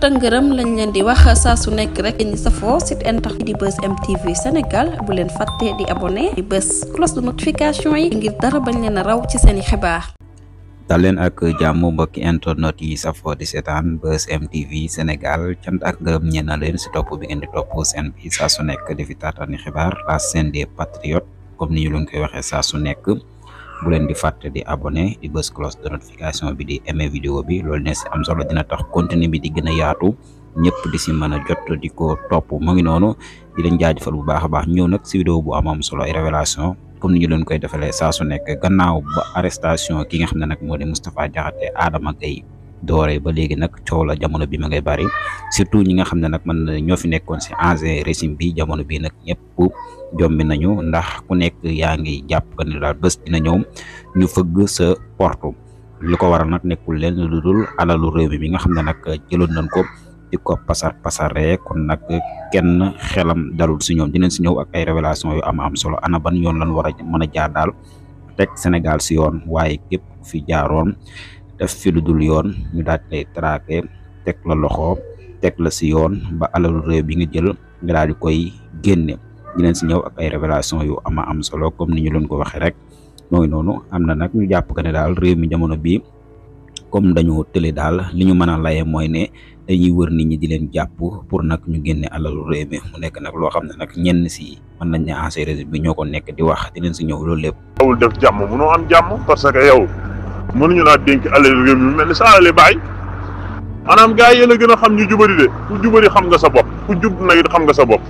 tëngërëm lañ leen di wax saa su nekk rek ñi safoo site internet di bës mtv sénégal bu leen fàtte di abonné di bës cloche de notification yi ngir dara bañ leen a raw ci seeni xibaar dalen ak jamu mbokki internet yi safoo di setan bës mtv sénégal cant ak ngërëm ñeena leen si topp bi ngeen di topp seen bi saa su nekk di fi taataani xibaar la scène des patriotes comme ni ñu leen koy waxee saa su nekk bu leen di fàtte di abone di bës cloche de notification bi di aimer vidéo bi loolu ne si am solo dina tax contenu bi di gën a yaatu ñëpp di si mën a jot di ko topp mu ngi noonu di leen jaajëfal bu baax a baax ñëw nag si vidéo bu am am solo ay révélation comme ni ñu leen koy defalee saa su nekk gannaaw ba arrestation ki nga xam ne nag moo di Moustapha Diakhaté aadama Gueye dooree ba léegi nag coow la jamono bi ma ngay bari surtout ñi nga xam ne nag man ñoo fi nekkoon si ancien régime bi jamono bi nag ñëpp jombi nañu ndax ku nekk yaa ngi jàpp que ne daal ñëw ñu fëgg sa porte li ko waral nag nekkul leen lu dul alalu réew mi nga xam ne nag jëloon nañ ko di ko pasar pasaree kon nag kenn xelam dalul si ñoom dinañ si ñëw ak ay révélation yu am am solo ana ban yoon lan war a mën a jaar daal teg Sénégal si yoon waaye képp fi jaaroon def fi lu dul yoon ñu daal lay traqué tek la loxo tek la ci yoon ba alal reew bi nga jël nga daal di koy génne dinañ ci ñew ak ay révélation yu ama am solo comme ni ñu leen ko waxe rek moy nonu amna nak ñu japp que ne daal reew mi jamono bi comme dañu télé daal li ñu mëna layé moy né ne dañuy wër nit ñi di leen japp pour nak ñu génné alal reew mi mu nekk nak lo xamné nak nag ñenn si mën nañ ne ancien réew bi ñoko ko nekk di wax di leen ci ñew lool lepp dawul def jamm mu munoo am jamm parce que yow. mënuñu laa dénk alal réew mi mel ni sa alali baay maanaam gaa yi la gën a xam ñu jubari de ku jubari xam nga sa bopp ku jub nag it xam nga sa bopp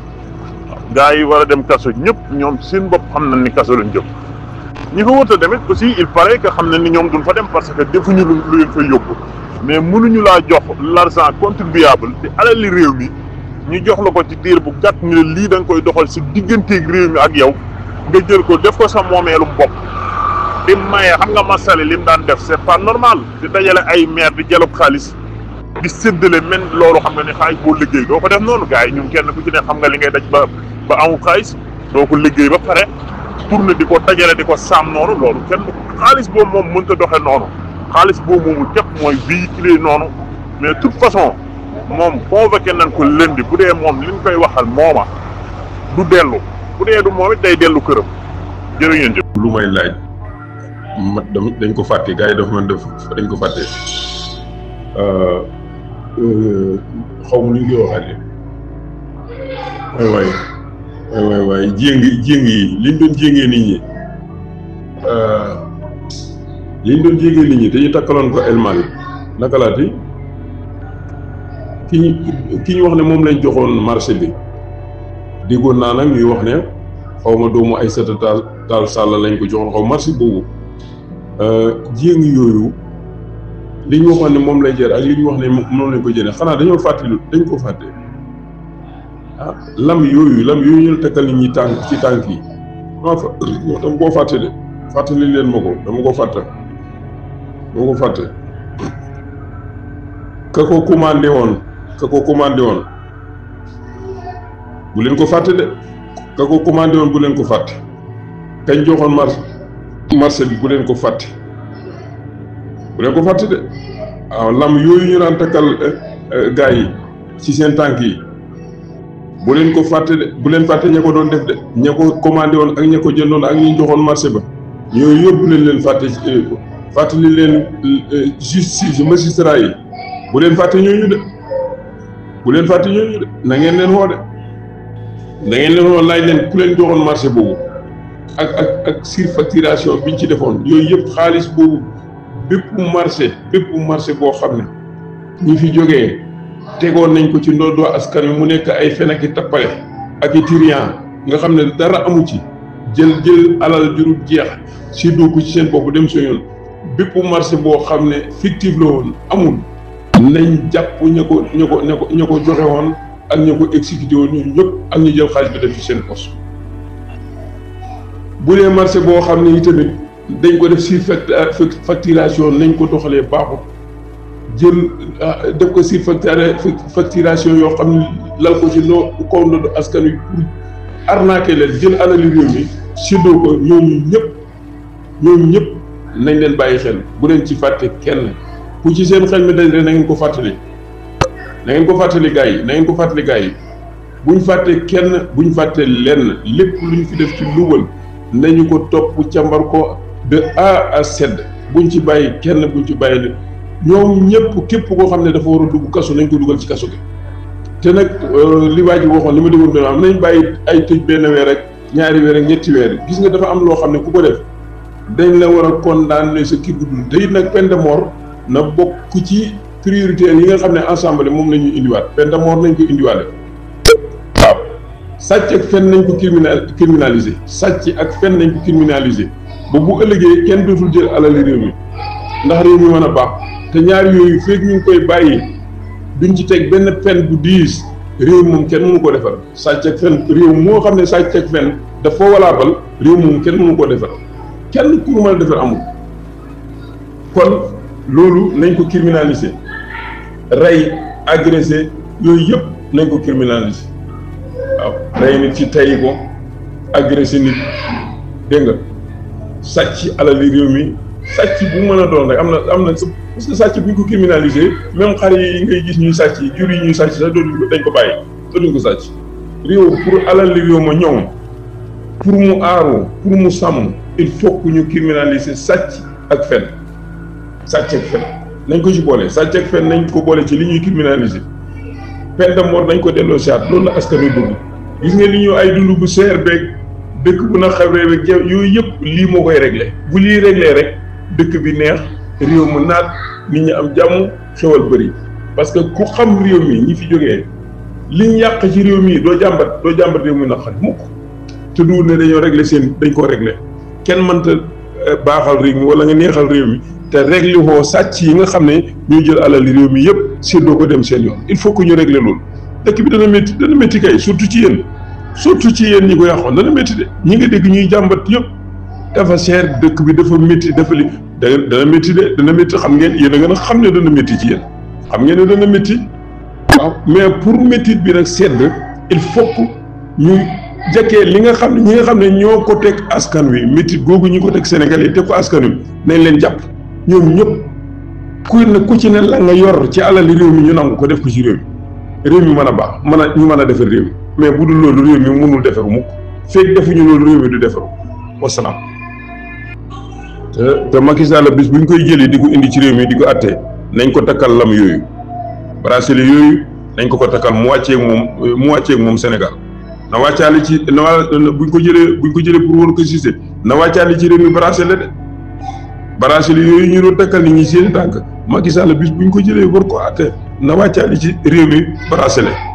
gaa yi war a dem kaso ñëpp ñoom seen bopp xam nañ ni kaso lañ jëm ñu fa wut a demit aussi il paraît que xam nañ ni ñoom duñ fa dem parce que defu ñu lu leen fay yóbbu mais mënuñu laa jox l'argent contribuable te alali réew mi ñu jox la ko ci diir bu gàtt ni lii da koy doxal si digganteeg réew mi ak yow nga jël ko def ko sa moomeelu bopp. di maye xam nga li mu daan def c'est pas normal di dajale ay maire di jëloog xaalis di séddale même loolu xam nga ne xaalis boo liggéey doo ko def noonu gars yi ñun kenn ku ci ne xam nga li ngay daj ba ba amul xaalis doo ko liggéey ba pare pour tourné di ko dajale di ko saam noonu loolu kenn xaalis boobu moom mënut a doxee noonu xaalis boobu moomu képp mooy véhiculé noonu mais toute façon moom convoqué nañ ko lundi bu dee moom liñ koy waxal mooma du dellu bu dee du moom it dellu këram jërë ngeen mat dañ ko fàtte gars yi dafa man dañ ko fàtte euh, euh, xaw ma nu ñu koy waxaatee waay waay waay waay waay jéng jéng yi liñ doon jéngee nit ñi euh, liñ doon jéngee nit ñi te ñu takkaloon ko elmal naka laati ki ki ñu wax ne moom lañ joxoon marché bi naa nag ñuy wax ne xaw ma doomu ay sata taal taal sàll lañ ko joxoon xaw marché boobu Euh, jéeng yooyu li ñu waxoon ne moom lay jër ak li ñu wax ne moom lañ ko jëlee xanaa dañoo fàttali dañ ko fàtte ah lam yooyu lam yooyu ñu takkal nit ñi tànk ci tànk yi maa dama koo fàtte de fàttali leen ma ko dama koo fàtte dama ko fàtte ka ko commandé woon ka ko commandé woon bu leen ko fàtte de ka ko commandé woon bu leen ko fàtte kañ joxoon marché marché bi bu leen ko fàtte bu leen ko fàtte de waaw lam yooyu ñu daan takkal eh, eh, gars yi ci seen tànk yi bu leen ko fàtte de bu leen fàtte ña ko doon def de ña ko commandé woon ak ña ko jëndoon ak ñi joxoon marché ba yooyu yëpp leen leen fàtte eh, fàttali leen justice magistrat yi bu leen fàtte ñooñu de bu leen fàtte ñooñu de na ngeen leen woo de na ngeen leen woo laaj leen ku leen joxoon marché boobu ak ak ak surfacturation bi ñu ci defoon yooyu yëpp xaalis boobu bépp marché bépp marché boo xam ne ñi fi jógee tegoon nañ ko ci ndoddoo askan wi mu nekk ay fen ak i tappale ak i tiriyan nga xam ne dara amu ci jël jël alal jurub jeex surtout ko ci seen bopp dem seen yoon bépp marché boo xam ne fictif la woon amul nañ jàpp ña ko ña ko ña ko ña ko joxe woon ak ña ko exécuté woon ñun ñëpp ak ñu jël xaalis bi def ci seen poste bu dee marché boo xam ne itamit dañ ko def sur euh, facturation nañ ko doxalee baaxut jël euh, def ko sur facturation yoo xam ne lal ko ci noo compte askan wi pour arnaquer leen jël alali réew mi séddoo ko ñoom ñëpp ñooñu ñëpp nañ leen bàyyi xel bu leen ci fàtte kenn ku ci seen xel mi dañ de na ngeen ko fàttali na ko fàttali gars yi na ko fàttali gars yi buñ fàtte kenn buñ fàtte lenn lépp luñ fi def ci luubal nañu ko topp càmbar ko de A sedd buñ ci bàyyi kenn buñ ci bàyyi nit ñoom ñëpp képp koo xam ne dafa war a dugg kaso nañ ko dugal ci kaso gi te nag euh, li waa ji waxoon li ma déggoon doon am nañu bàyyi ay tëj benn weer rek ñaari weer rek ñetti weer gis nga dafa am loo xam ne ku ko def dañ la war a condamner sa kii dund te it nag peine de mort na bokk ci prioritaire yi nga xam ne ensemble moom la ñuy indiwaat peine de nañ ko indiwaale sàcc ak fen nañ ko criminal criminalisé sàcc ak fen nañ ko criminalisé ba bu ëllëgee kenn dootul jël alali réew mi ndax réew mi mën a baax te ñaar yooyu feeg ñu ngi koy bàyyi duñ ci teg benn fen bu diis réew moom kenn mënu ko defar sàcc ak fen réew moo xam ne sàcc ak fen dafa walaabal réew moom kenn mënu koo defar kenn ku mën a defar amul kon loolu nañ ko criminalisé rey agressé yooyu yëpp nañ ko criminalisé. rey nit ci tey ko agressé nit dégg nga sàcc alali réew mi sàcc bu mën a doon rek am na am na parce que sàcc bu ko criminalisé même xar yi ngay gis ñuy sàcc jur yi ñuy sàcc sax dootuñ ko dañ ko bàyyi dootuñ ko sàcc réew pour alal alali réew ma ñoom pour mu aaru pour mu sàmm il faut que ñu criminaliser sàcc ak fen sàcc ak fen nañ ko ci boole sàcc ak fen nañ ko boole ci li ñuy criminaliser peine de mort nañ ko delloo si at loolu la askan wi dugg gis nga li ñu ay dund bu seer beeg dëkk bu na xawee beeg yooyu yëpp lii moo koy réglé bu lii réglé rek dëkk bi neex réew mu naat nit ñi am jàmm xewal bëri parce que ku xam réew mi ñi fi jógee liñ yàq ci réew mi doo jàmbat doo jàmbat réew mi naqari mukk te duwul ne dañoo réglé seen dañ ko regle kenn mënta euh, baaxal réew mi wala nga neexal réew mi te réglé woo sàcc yi nga xam ne ñoo jël alal réew mi yëpp doo ko dem seen yoon il faut que ñu réglé loolu. dëkk bi dana métti dana métti kay surtout ci yéen surtout ci yéen ñi ko yàqoon dana métti de ñi nga dégg ñuy jàmbat yëpp dafa seer dëkk bi dafa métti dafa li dana métti de dana métti xam ngeen yéen a gën a xam ne dana métti ci yéen xam ngeen ne dana métti waaw mais pour métti bi nag sedd il faut que ñu jëkkee li nga xam ne ñi nga xam ne ñoo ko teg askan wi métti googu ñi ko teg Sénégal yi teg ko askan wi nañ leen jàpp ñoom ñëpp ku ne ku ci ne la nga ci alal réew mi ñu nangu ko ko ci réew réew mi man a baax mën a ñu mën a defar réew mi mais bu dul loolu réew mi mënul defaru mukk fekk defuñu loolu réew mi du defaru wasalaam te te Macky Sall bis buñ koy jëlee di ko indi ci réew mi di ko attee nañ ko takkal lam yooyu bracelet yooyu nañ ko ko takkal mu wàcceeg moom mu moom Sénégal na wàccaale ci na buñ ko jëlee buñ ko jëlee pour war ko siise na wàccaale ci réew mi bracelet de bracelet yooyu ñu doon takkal ñu ñi seen tànk Macky Sall bis buñ ko jëlee war ko attee na wàccaale ci réew mi bracelet